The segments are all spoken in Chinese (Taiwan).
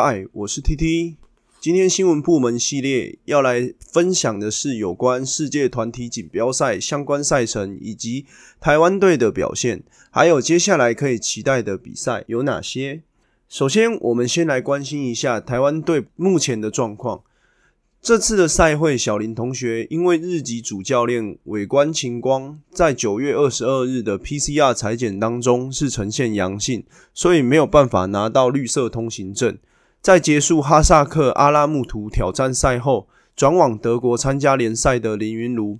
嗨，我是 TT。今天新聞部門系列要來分享的是有關世界團體錦標賽相關賽程以及台灣隊的表現，還有接下來可以期待的比賽有哪些。首先，我們先來關心一下台灣隊目前的狀況。這次的賽會，小林同學因為日籍主教練尾關晴光在九月二十二日的 PCR 採檢當中是呈現陽性，所以沒有辦法拿到綠色通行證。在結束哈薩克阿拉木圖挑戰賽後，轉往德國參加聯賽的林昀儒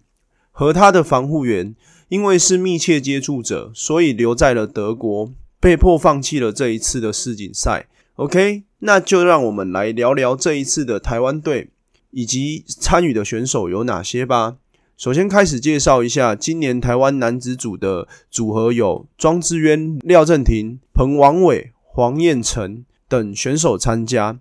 和他的防護員，因為是密切接觸者，所以留在了德國，被迫放棄了這一次的世錦賽。OK，那就讓我們來聊聊這一次的台灣隊以及參與的選手有哪些吧。首先開始介紹一下今年台灣男子組的組合有莊智淵、廖振廷、彭王偉、黃彥辰等選手參加，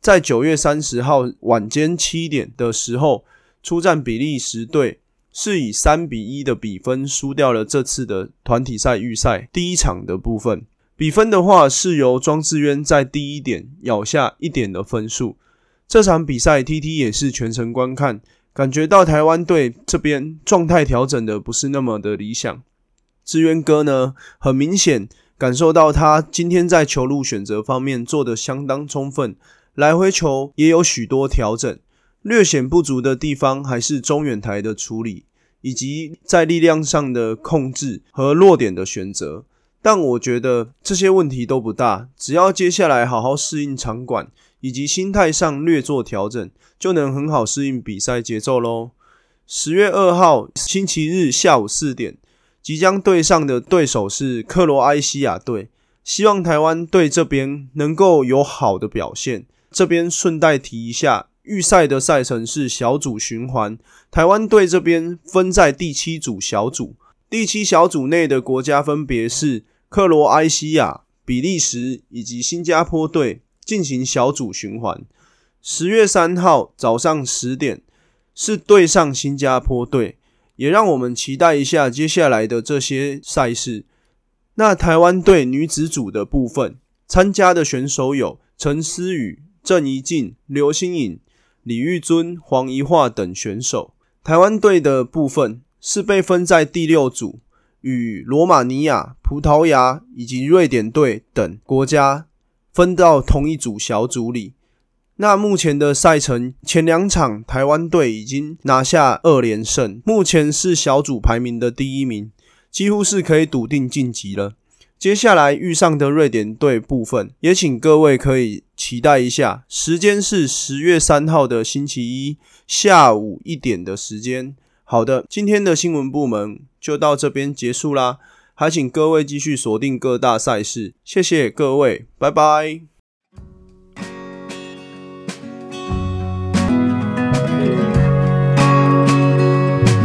在九月三十號晚間七點的時候，出戰比利時隊，是以三比一的比分輸掉了這次的團體賽預賽第一場的部分。比分的話是由莊智淵在第一點咬下一點的分數。這場比賽 TT 也是全程觀看，感覺到台灣隊這邊狀態調整的不是那麼的理想。智淵哥呢，很明顯。感受到他今天在球路選擇方面做得相當充分，來回球也有許多調整。略顯不足的地方還是中遠台的處理以及在力量上的控制和落點的選擇。但我覺得這些問題都不大，只要接下來好好適應場館以及心態上略做調整，就能很好適應比賽節奏嘍。十月二號星期日下午四點，即將對上的對手是克羅埃西亞隊，希望台灣隊這邊能夠有好的表現。這邊順帶提一下，預賽的賽程是小組循環，台灣隊這邊分在第七組小組，第七小組內的國家分別是克羅埃西亞、比利時以及新加坡隊進行小組循環。十月三號早上十點是對上新加坡隊。也讓我們期待一下接下來的這些賽事。那台灣隊女子組的部分，參加的選手有陳思雨、鄭怡靜、劉星穎、李玉尊、黃怡樺等選手。台灣隊的部分是被分在第六組，與羅馬尼亞、葡萄牙以及瑞典隊等國家分到同一組小組裡。那目前的賽程，前兩場台灣隊已經拿下二連勝，目前是小組排名的第一名，幾乎是可以篤定晉級了。接下來遇上的瑞典隊部分，也請各位可以期待一下。時間是十月三號的星期一下午一點的時間。好的，今天的新聞部門就到這邊結束啦，還請各位繼續鎖定各大賽事，謝謝各位，拜拜。